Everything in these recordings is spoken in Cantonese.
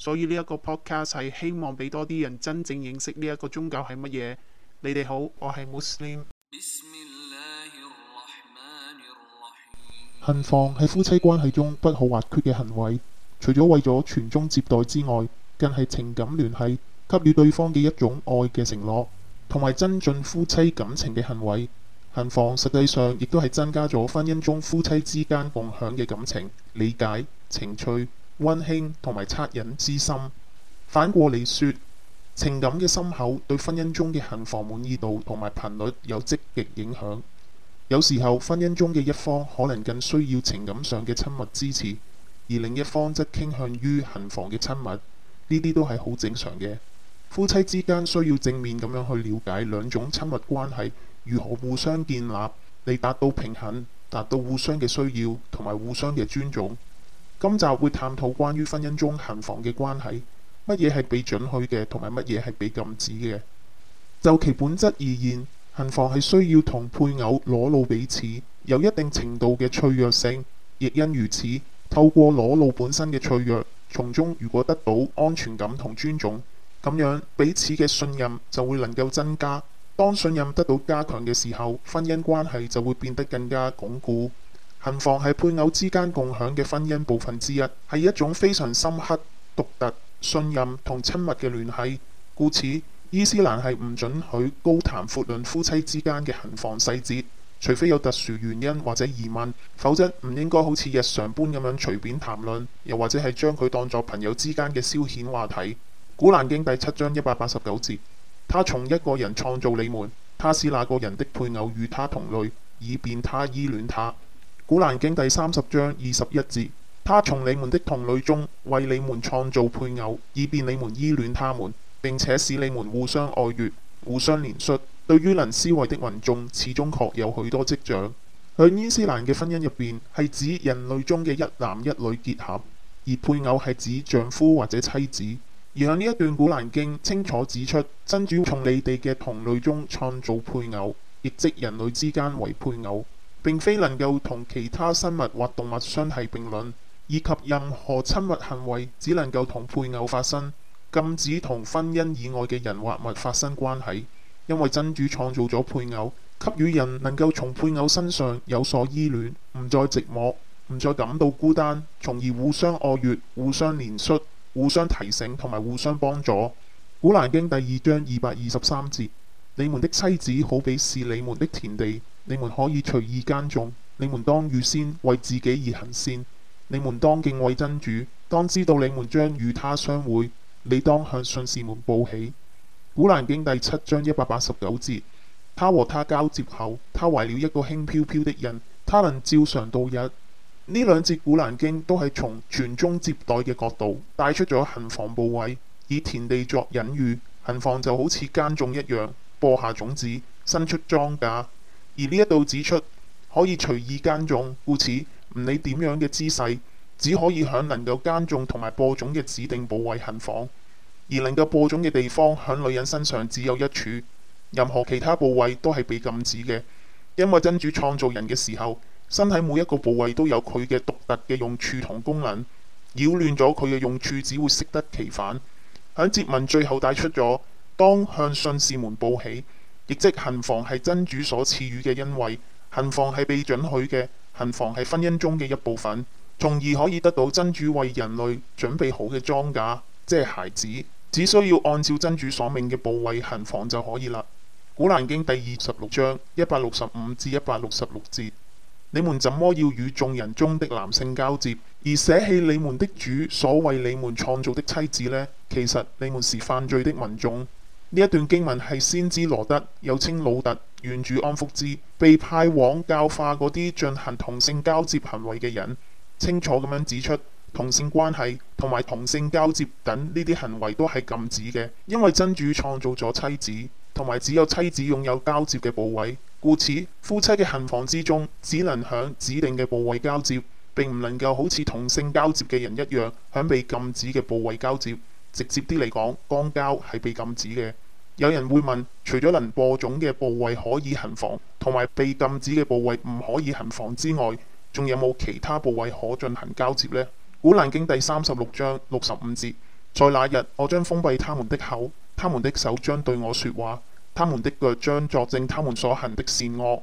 所以呢一個 podcast 係希望俾多啲人真正認識呢一個宗教係乜嘢。你哋好，我係穆斯林。行房係夫妻關係中不可或缺嘅行為，除咗為咗傳宗接代之外，更係情感聯繫，給予對方嘅一種愛嘅承諾，同埋增進夫妻感情嘅行為。行房實際上亦都係增加咗婚姻中夫妻之間共享嘅感情、理解、情趣。溫馨同埋惻隱之心。反過嚟說，情感嘅深厚對婚姻中嘅行房滿意度同埋頻率有積極影響。有時候，婚姻中嘅一方可能更需要情感上嘅親密支持，而另一方則傾向於行房嘅親密。呢啲都係好正常嘅。夫妻之間需要正面咁樣去了解兩種親密關係，如何互相建立，嚟達到平衡，達到互相嘅需要同埋互相嘅尊重。今集會探討關於婚姻中行房嘅關係，乜嘢係被准許嘅，同埋乜嘢係被禁止嘅？就其本質而言，行房係需要同配偶裸露彼此，有一定程度嘅脆弱性。亦因如此，透過裸露本身嘅脆弱，從中如果得到安全感同尊重，咁樣彼此嘅信任就會能夠增加。當信任得到加強嘅時候，婚姻關係就會變得更加鞏固。行房係配偶之間共享嘅婚姻部分之一，係一種非常深刻、獨特、信任同親密嘅聯繫。故此，伊斯蘭係唔准許高談闊論夫妻之間嘅行房細節，除非有特殊原因或者疑問，否則唔應該好似日常般咁樣隨便談論，又或者係將佢當作朋友之間嘅消遣話題。古蘭經第七章一百八十九節：他從一個人創造你們，他是那個人的配偶與他同類，以便他依戀他。古蘭經第三十章二十一節，他從你們的同類中為你們創造配偶，以便你們依戀他們，並且使你們互相愛悅、互相憐恤。對於能思維的民眾，始終確有許多跡象。喺伊斯蘭嘅婚姻入邊，係指人類中嘅一男一女結合，而配偶係指丈夫或者妻子。而喺呢一段古蘭經清楚指出，真主從你哋嘅同類中創造配偶，亦即人類之間為配偶。並非能夠同其他生物或動物相提並論，以及任何親密行為只能夠同配偶發生，禁止同婚姻以外嘅人或物發生關係，因為真主創造咗配偶，給予人能夠從配偶身上有所依戀，唔再寂寞，唔再感到孤單，從而互相愛悅、互相憐恤、互相提醒同埋互相幫助。古蘭經第二章二百二十三節：你們的妻子好比是你們的田地。你們可以隨意耕種，你們當預先為自己而行善。你們當敬畏真主，當知道你們將與他相會。你當向信士們報喜。《古蘭經》第七章一百八十九節。他和他交接後，他為了一個輕飄飄的人，他能照常度日。呢兩節《古蘭經》都係從傳宗接代嘅角度帶出咗行房部位，以田地作隱喻，行房就好似耕種一樣，播下種子，生出莊稼。而呢一度指出可以隨意耕種，故此唔理點樣嘅姿勢，只可以響能夠耕種同埋播種嘅指定部位行房。而能夠播種嘅地方，響女人身上只有一處，任何其他部位都係被禁止嘅，因為真主創造人嘅時候，身體每一個部位都有佢嘅獨特嘅用處同功能，擾亂咗佢嘅用處只會適得其反。喺節文最後帶出咗，當向信士們報喜。亦即行房係真主所賜予嘅恩惠，行房係被准許嘅，行房係婚姻中嘅一部分，從而可以得到真主為人類準備好嘅莊稼,即係孩子。只需要按照真主所命嘅部位行房就可以啦。古蘭經第二十六章一百六十五至一百六十六節，你們怎麼要與眾人中的男性交接，而捨棄你們的主所為你們創造的妻子呢？其實你們是犯罪的民眾。呢一段經文係先知羅德，又稱魯特，原主安福之，被派往教化嗰啲進行同性交接行為嘅人，清楚咁樣指出同性關係同埋同性交接等呢啲行為都係禁止嘅，因為真主創造咗妻子，同埋只有妻子擁有交接嘅部位，故此夫妻嘅行房之中只能響指定嘅部位交接，並唔能夠好似同性交接嘅人一樣響被禁止嘅部位交接。直接啲嚟講，肛交係被禁止嘅。有人會問，除咗能播種嘅部位可以行房，同埋被禁止嘅部位唔可以行房之外，仲有冇其他部位可進行交接呢？《古蘭經》第三十六章六十五節，在那日我將封閉他們的口，他們的手將對我說話，他們的腳將作證他們所行的善惡。《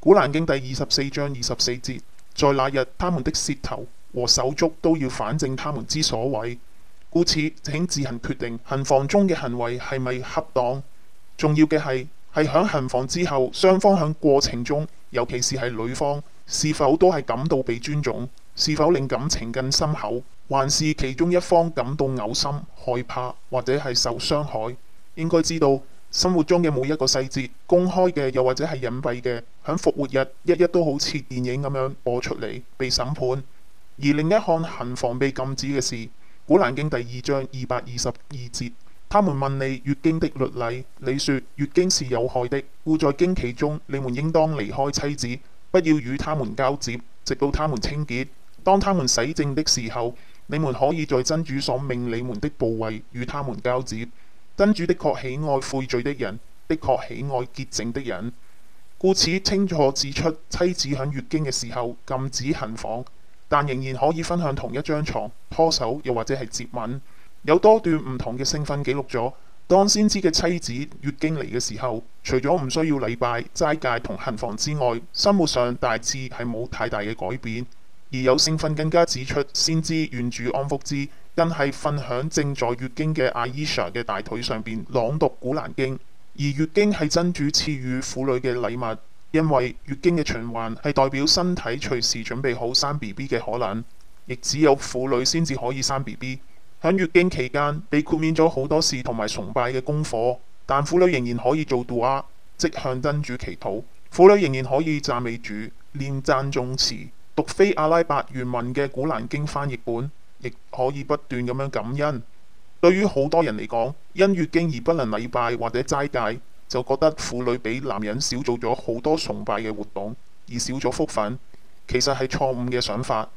古蘭經》第二十四章二十四節，在那日他們的舌頭和手足都要反證他們之所為。故此，請自行決定行房中嘅行為係咪恰當？重要嘅係係響行房之後，雙方響過程中，尤其是係女方，是否都係感到被尊重，是否令感情更深厚，還是其中一方感到嘔心害怕或者係受傷害？應該知道生活中嘅每一個細節，公開嘅又或者係隱蔽嘅，響復活日一一都好似電影咁樣播出嚟被審判。而另一項行房被禁止嘅事。古蘭經第二章二百二十二節，他們問你月經的律例，你說月經是有害的，故在經期中你們應當離開妻子，不要與他們交接，直到他們清潔。當他們洗淨的時候，你們可以在真主所命你們的部位與他們交接。真主的確喜愛悔罪的人，的確喜愛潔淨的人，故此清楚指出妻子喺月經嘅時候禁止行房。但仍然可以分享同一張床、拖手又或者係接吻，有多段唔同嘅聖訓記錄咗，當先知嘅妻子月經嚟嘅時候，除咗唔需要禮拜、齋戒同行房之外，生活上大致係冇太大嘅改變。而有聖訓更加指出，先知願主安福之更係瞓響正在月經嘅阿伊莎嘅大腿上邊朗讀古蘭經，而月經係真主賜予婦女嘅禮物。因為月經嘅循環係代表身體隨時準備好生 B B 嘅可能，亦只有婦女先至可以生 B B。響月經期間，被豁免咗好多事同埋崇拜嘅功課，但婦女仍然可以做渡阿，即向真主祈禱；婦女仍然可以讚美主、念讚頌詞、讀非阿拉伯原文嘅古蘭經翻譯本，亦可以不斷咁樣感恩。對於好多人嚟講，因月經而不能禮拜或者齋戒，就覺得婦女比男人少做咗好多崇拜嘅活動，而少咗福份，其實係錯誤嘅想法，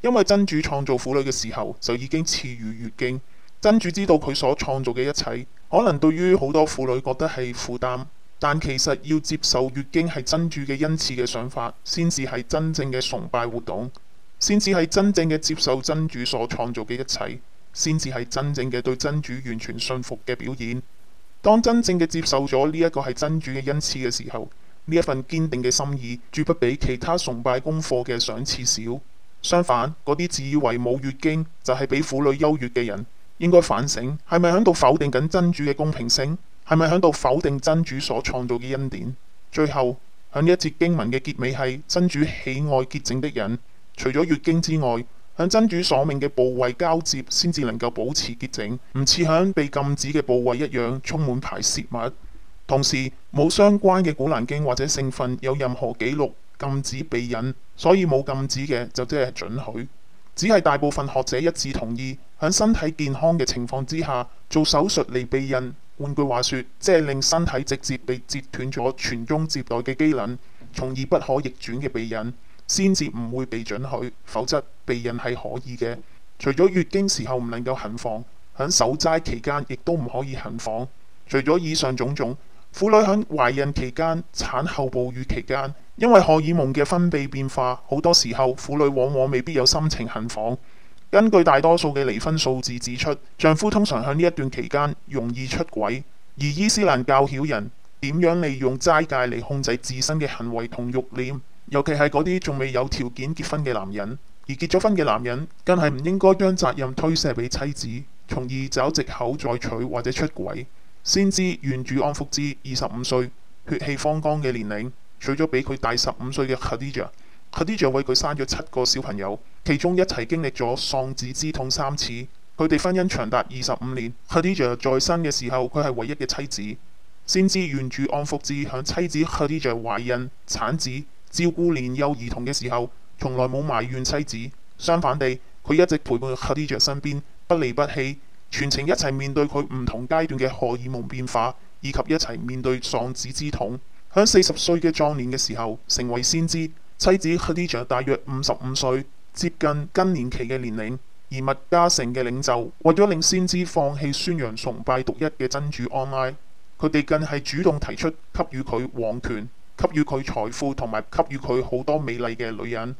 因為真主創造婦女嘅時候就已經賜予月經。真主知道佢所創造嘅一切，可能對於好多婦女覺得係負擔，但其實要接受月經係真主嘅恩賜嘅想法，先至係真正嘅崇拜活動，先至係真正嘅接受真主所創造嘅一切，先至係真正嘅對真主完全信服嘅表現。當真正嘅接受咗呢一個係真主嘅恩賜嘅時候，呢一份堅定嘅心意，絕不比其他崇拜功課嘅賞賜少。相反，嗰啲自以為冇月經就係、是、比婦女優越嘅人，應該反省係咪響度否定緊真主嘅公平性，係咪響度否定真主所創造嘅恩典？最後響呢一節經文嘅結尾係真主喜愛潔淨的人，除咗月經之外，向真主所命嘅部位交接，先至能夠保持潔淨，唔似響被禁止嘅部位一樣充滿排泄物。同時冇相關嘅古蘭經或者聖訓有任何記錄禁止避孕，所以冇禁止嘅就即係准許，只係大部分學者一致同意，響身體健康嘅情況之下做手術嚟避孕，換句話說即係令身體直接被截斷咗傳宗接代嘅機能，從而不可逆轉嘅避孕。先至唔會被准許，否則避孕係可以嘅。除咗月經時候唔能夠行房，喺守齋期間亦都唔可以行房。除咗以上種種，婦女喺懷孕期間、產後哺乳期間，因為荷爾蒙嘅分泌變化，好多時候婦女往往未必有心情行房。根據大多數嘅離婚數字指出，丈夫通常喺呢一段期間容易出軌。而伊斯蘭教曉人點樣利用齋戒嚟控制自身嘅行為同慾念。尤其係嗰啲仲未有條件結婚嘅男人，而結咗婚嘅男人更係唔應該將責任推卸俾妻子，從而找藉口再娶或者出軌。先知原主安福之二十五歲血氣方剛嘅年齡娶咗比佢大十五歲嘅 Kadija，Kadija 為佢生咗七個小朋友，其中一齊經歷咗喪子之痛三次。佢哋婚姻長達二十五年，Kadija 在生嘅時候，佢係唯一嘅妻子。先知原主安福之向妻子 Kadija 懷孕產子。照顧年幼兒童嘅時候，從來冇埋怨妻子。相反地，佢一直陪，陪伴喺哈迪嘉身邊，不離不棄，全程一齊面對佢唔同階段嘅荷爾蒙變化，以及一齊面對喪子之痛。喺四十歲嘅壯年嘅時候，成為先知，妻子哈迪嘉大約五十五歲，接近更年期嘅年齡。而麥加城嘅領袖為咗令先知放棄宣揚崇拜獨一嘅真主安拉，佢哋更係主動提出給予佢王權。給予佢財富同埋給予佢好多美麗嘅女人，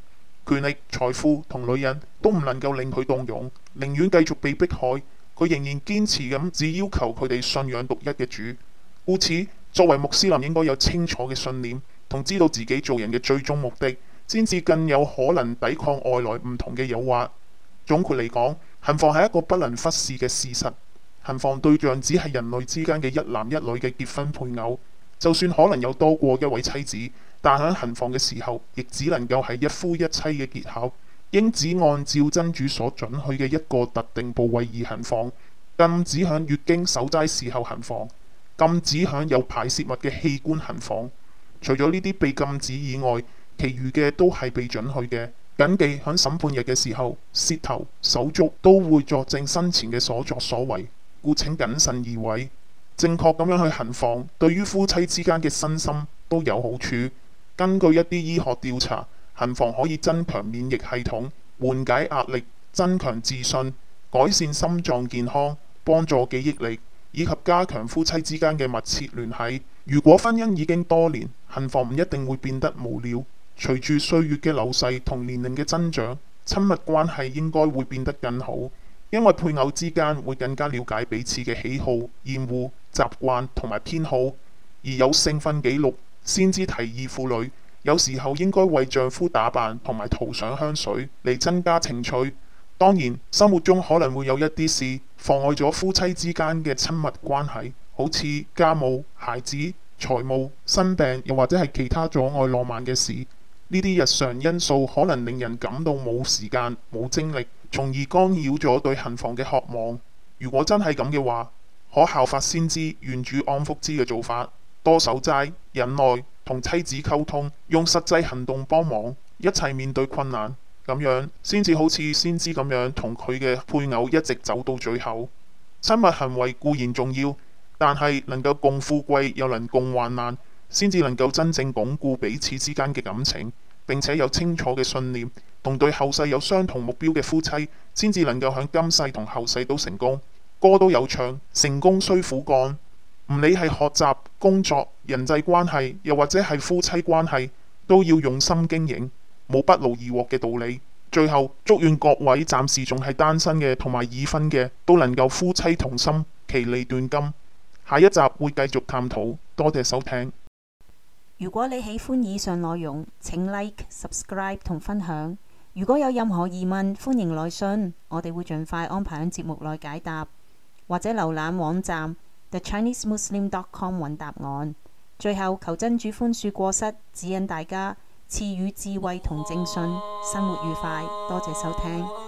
權力、財富同女人都唔能夠令佢動容，寧願繼續被迫害。佢仍然堅持咁，只要求佢哋信仰獨一嘅主。故此，作為穆斯林，應該有清楚嘅信念，同知道自己做人嘅最終目的，先至更有可能抵抗外來唔同嘅誘惑。總括嚟講，行房係一個不能忽視嘅事實。行房對象只係人類之間嘅一男一女嘅結婚配偶。就算可能有多過一位妻子，但喺行房嘅時候，亦只能夠係一夫一妻嘅結合。應只按照真主所准許嘅一個特定部位而行房，禁止喺月經守齋時候行房，禁止喺有排泄物嘅器官行房。除咗呢啲被禁止以外，其餘嘅都係被准許嘅。謹記喺審判日嘅時候，舌頭、手足都會作證生前嘅所作所為，故請謹慎而為。正確咁樣去行房，對於夫妻之間嘅身心都有好處。根據一啲醫學調查，行房可以增強免疫系統、緩解壓力、增強自信、改善心臟健康、幫助記憶力，以及加強夫妻之間嘅密切聯繫。如果婚姻已經多年，行房唔一定會變得無聊。隨住歲月嘅流逝同年齡嘅增長，親密關係應該會變得更好。因為配偶之間會更加了解彼此嘅喜好、厭惡、習慣同埋偏好，而有聖訓記錄先知提議婦女，有時候應該為丈夫打扮同埋塗上香水嚟增加情趣。當然，生活中可能會有一啲事妨礙咗夫妻之間嘅親密關係，好似家務、孩子、財務、生病，又或者係其他阻礙浪漫嘅事。呢啲日常因素可能令人感到冇時間、冇精力。從而干擾咗對行房嘅渴望。如果真係咁嘅話，可效法先知願主安福之嘅做法，多守齋、忍耐，同妻子溝通，用實際行動幫忙，一齊面對困難。咁樣先至好似先知咁樣，同佢嘅配偶一直走到最後。親密行為固然重要，但係能夠共富貴，又能共患難，先至能夠真正鞏固彼此之間嘅感情，並且有清楚嘅信念。同對後世有相同目標嘅夫妻，先至能夠喺今世同後世都成功。歌都有唱，成功需苦幹。唔理係學習、工作、人際關係，又或者係夫妻關係，都要用心經營，冇不勞而獲嘅道理。最後，祝願各位暫時仲係單身嘅同埋已婚嘅都能夠夫妻同心，其利斷金。下一集會繼續探討。多謝收聽。如果你喜歡以上內容，請 Like、Subscribe 同分享。如果有任何疑問，歡迎來信，我哋會盡快安排喺節目內解答，或者瀏覽網站 TheChineseMuslim.com 揾答案。最後，求真主寬恕過失，指引大家，賜予智慧同正信，生活愉快。多謝收聽。